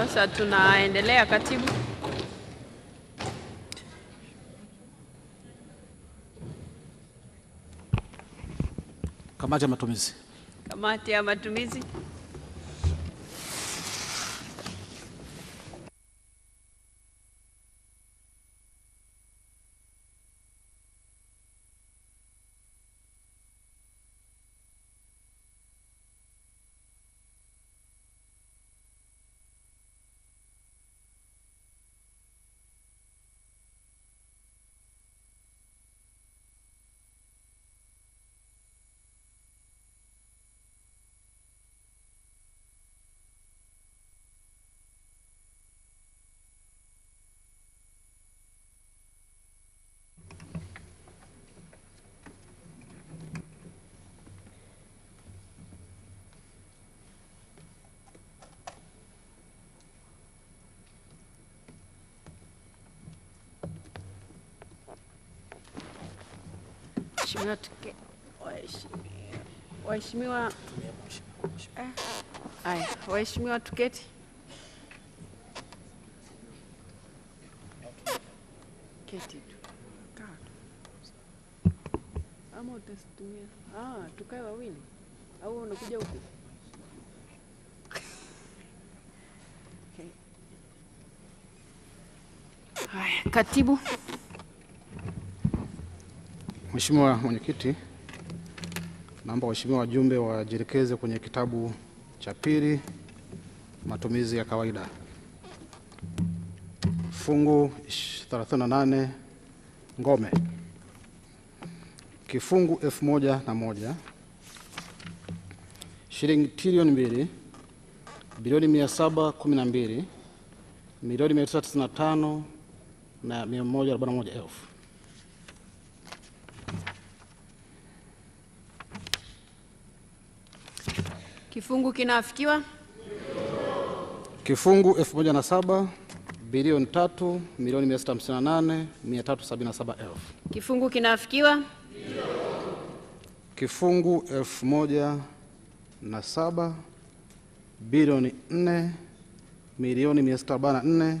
Sasa tunaendelea katibu. Kamati ya matumizi. Kamati ya matumizi. Mheshimiwa tuke Waheshimiwa eh, waheshimiwa tuketi. Keti tu. Ama utasitumia. Ah, tukae wawili au unakuja huku? Haya, katibu Mheshimiwa Mwenyekiti, naomba waheshimiwa wajumbe wajielekeze kwenye kitabu cha pili, matumizi ya kawaida, fungu 38 ngome, kifungu elfu moja na moja shilingi trilioni mbili bilioni mia mbili milioni mia na 141 elfu Kifungu kinaafikiwa kifungu 1007 bilioni 3 milioni 658 377 Kifungu kinaafikiwa kifungu 1007 bilioni 4 milioni 644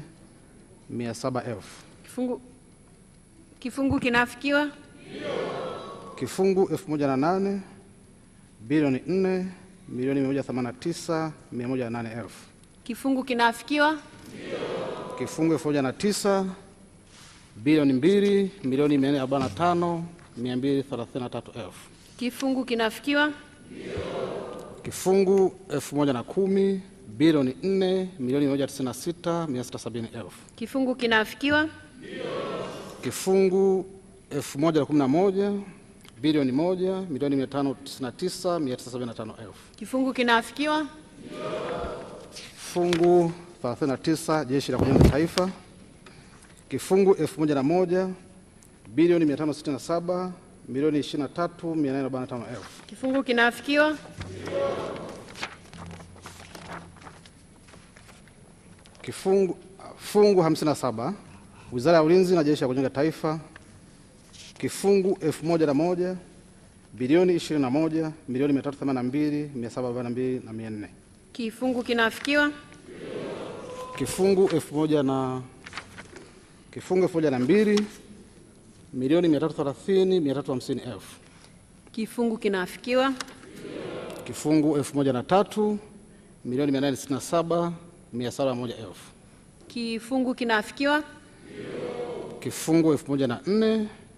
700 Kifungu kifungu kinaafikiwa kifungu 1008 bilioni 4 milioni 189,108,000. Kifungu kinaafikiwa? Ndio. Kifungu elfu na tisa bilioni 2 milioni 445,233,000. Kifungu kinaafikiwa? Ndio. Kifungu elfu moja na kumi bilioni 4 milioni 196,670,000. Kifungu kinaafikiwa? Ndio. Kifungu elfu moja na kumi na moja bilioni moja milioni 599975 Kifungu kinaafikiwa. Fungu 39 Jeshi la Kujenga Taifa, kifungu 1001 bilioni 567 milioni 23,845,000. Kifungu kinaafikiwa. Kifungu fungu 57 Wizara ya Ulinzi na Jeshi la Kujenga Taifa kifungu elfu moja na moja bilioni 21 milioni 382 na 400. Kifungu kinafikiwa. Kifungu elfu moja na kifungu elfu moja na mbili milioni 330 350 elfu. Kifungu kinafikiwa. Kifungu elfu moja na tatu milioni 867 701 elfu. Kifungu kinafikiwa. Kifungu elfu moja na nne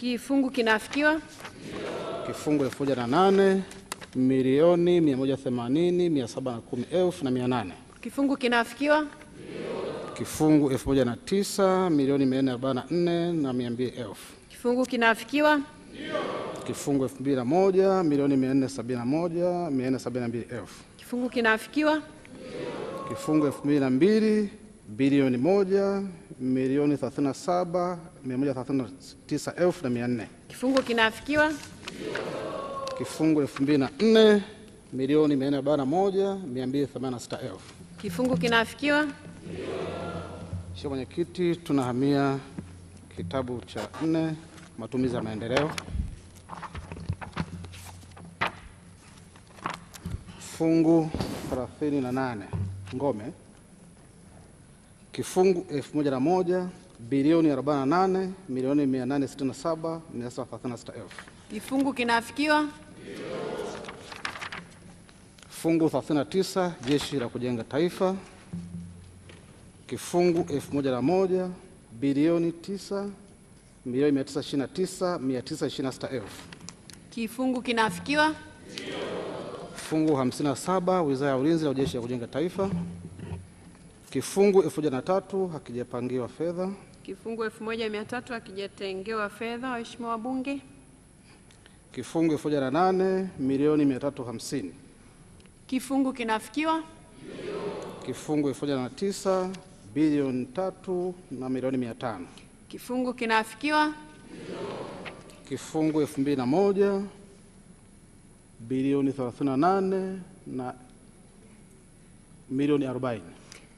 Kifungu kinaafikiwa kifungu elfu moja na nane milioni mia moja themanini mia saba na kumi elfu na mia nane. Kifungu kinaafikiwa kifungu elfu moja na tisa milioni mia nne arobaini na nne na mia mbili elfu. Kifungu kinaafikiwa kifungu elfu mbili na moja milioni mia nne sabini na moja mia nne sabini na mbili elfu. Kifungu kinaafikiwa kifungu elfu mbili na mbili bilioni moja milioni 37,139,400. Kifungu kinaafikiwa. Kifungu 2004 milioni 441,286,000. Kifungu kinaafikiwa. Mheshimiwa Mwenyekiti, tunahamia kitabu cha nne, matumizi ya maendeleo. Fungu 38 ngome kifungu elfu bilioni 48 milioni 867 736,000. Kifungu kinaafikiwa. Fungu 39 jeshi la kujenga taifa, kifungu elfu bilioni 9 milioni 929 926,000. Kifungu kinaafikiwa. Fungu 57 wizara ya ulinzi na jeshi la kujenga taifa Kifungu elfu moja na tatu hakijapangiwa fedha. Kifungu elfu moja mia tatu hakijatengewa fedha, waheshimiwa wabunge. Kifungu elfu moja na nane milioni mia tatu hamsini. Kifungu kinafikiwa. Kifungu elfu moja na tisa bilioni tatu na milioni mia tano. Kifungu kinafikiwa. Kifungu elfu mbili na moja bilioni 38 na milioni 40.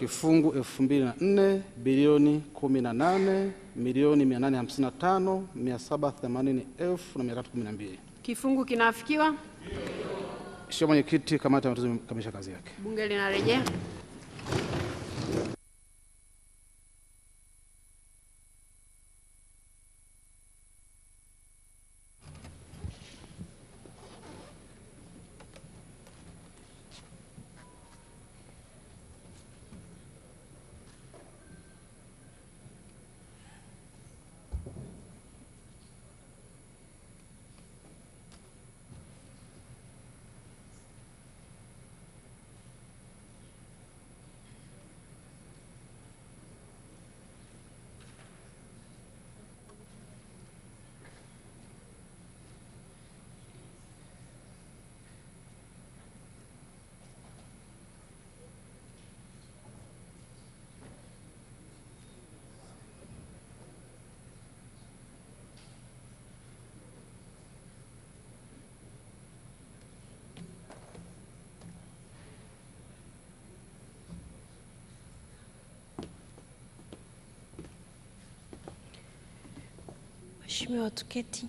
kifungu 2004 bilioni 18 milioni 855 780 elfu na 312. Kifungu kinaafikiwa. Mheshimiwa Mwenyekiti, kamati ya matumizi kamilisha kazi yake. Bunge linarejea. Mheshimiwa, tuketi.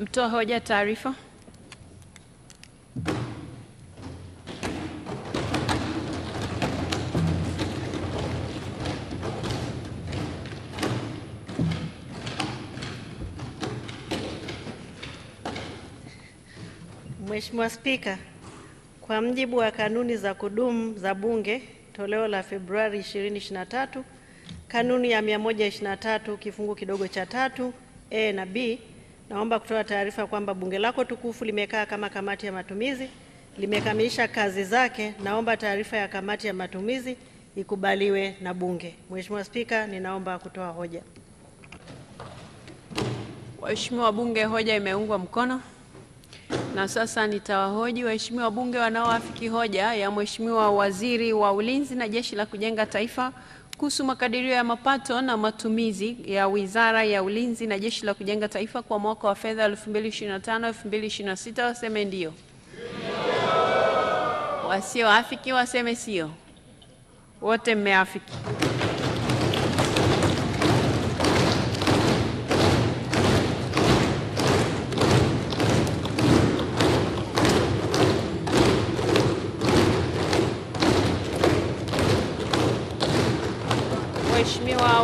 Mtoa hoja taarifa. Mheshimiwa Spika, kwa mjibu wa kanuni za kudumu za Bunge toleo la Februari 2023, kanuni ya 123 kifungu kidogo cha tatu a na b, naomba kutoa taarifa kwamba bunge lako tukufu limekaa kama kamati ya matumizi, limekamilisha kazi zake. Naomba taarifa ya kamati ya matumizi ikubaliwe na bunge. Mheshimiwa Spika, ninaomba kutoa hoja. Waheshimiwa wabunge, hoja imeungwa mkono. Na sasa nitawahoji waheshimiwa wabunge wanaoafiki hoja ya Mheshimiwa Waziri wa Ulinzi na Jeshi la Kujenga Taifa kuhusu makadirio ya mapato na matumizi ya Wizara ya Ulinzi na Jeshi la Kujenga Taifa kwa mwaka wa fedha 2025/2026 waseme ndio, wasioafiki waseme sio. Wote mmeafiki.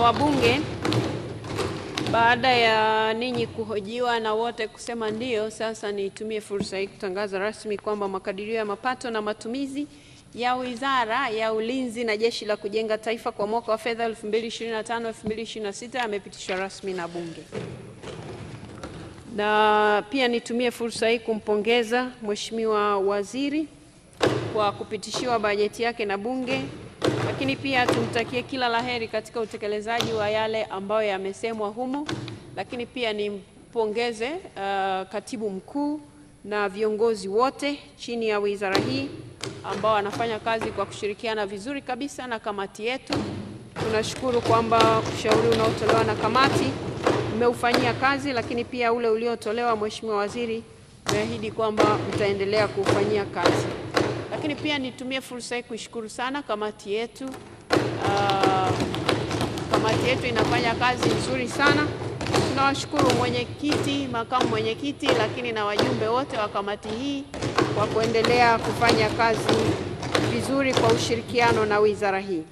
wabunge, baada ya ninyi kuhojiwa na wote kusema ndio, sasa nitumie fursa hii kutangaza rasmi kwamba makadirio ya mapato na matumizi ya Wizara ya Ulinzi na Jeshi la Kujenga Taifa kwa mwaka wa fedha 2025/2026 yamepitishwa rasmi na Bunge. Na pia nitumie fursa hii kumpongeza Mheshimiwa Waziri kwa kupitishiwa bajeti yake na Bunge lakini pia tumtakie kila laheri katika utekelezaji wa yale ambayo yamesemwa humu, lakini pia nimpongeze uh, katibu mkuu na viongozi wote chini ya wizara hii ambao wanafanya kazi kwa kushirikiana vizuri kabisa na kamati yetu. Tunashukuru kwamba ushauri unaotolewa na kamati mmeufanyia kazi, lakini pia ule uliotolewa Mheshimiwa Waziri, umeahidi kwamba utaendelea kuufanyia kazi. Lakini pia nitumie fursa hii kuishukuru sana kamati yetu. Uh, kamati yetu inafanya kazi nzuri sana. Tunawashukuru mwenyekiti, makamu mwenyekiti, lakini na wajumbe wote wa kamati hii kwa kuendelea kufanya kazi vizuri kwa ushirikiano na wizara hii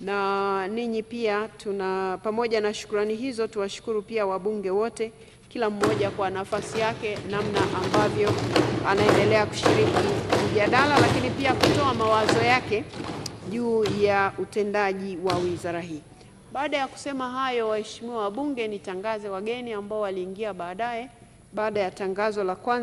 na ninyi pia tuna, pamoja na shukrani hizo tuwashukuru pia wabunge wote kila mmoja kwa nafasi yake, namna ambavyo anaendelea kushiriki mjadala, lakini pia kutoa mawazo yake juu ya utendaji wa wizara hii. Baada ya kusema hayo, waheshimiwa wabunge, nitangaze wageni ambao waliingia baadaye baada ya tangazo la kwanza.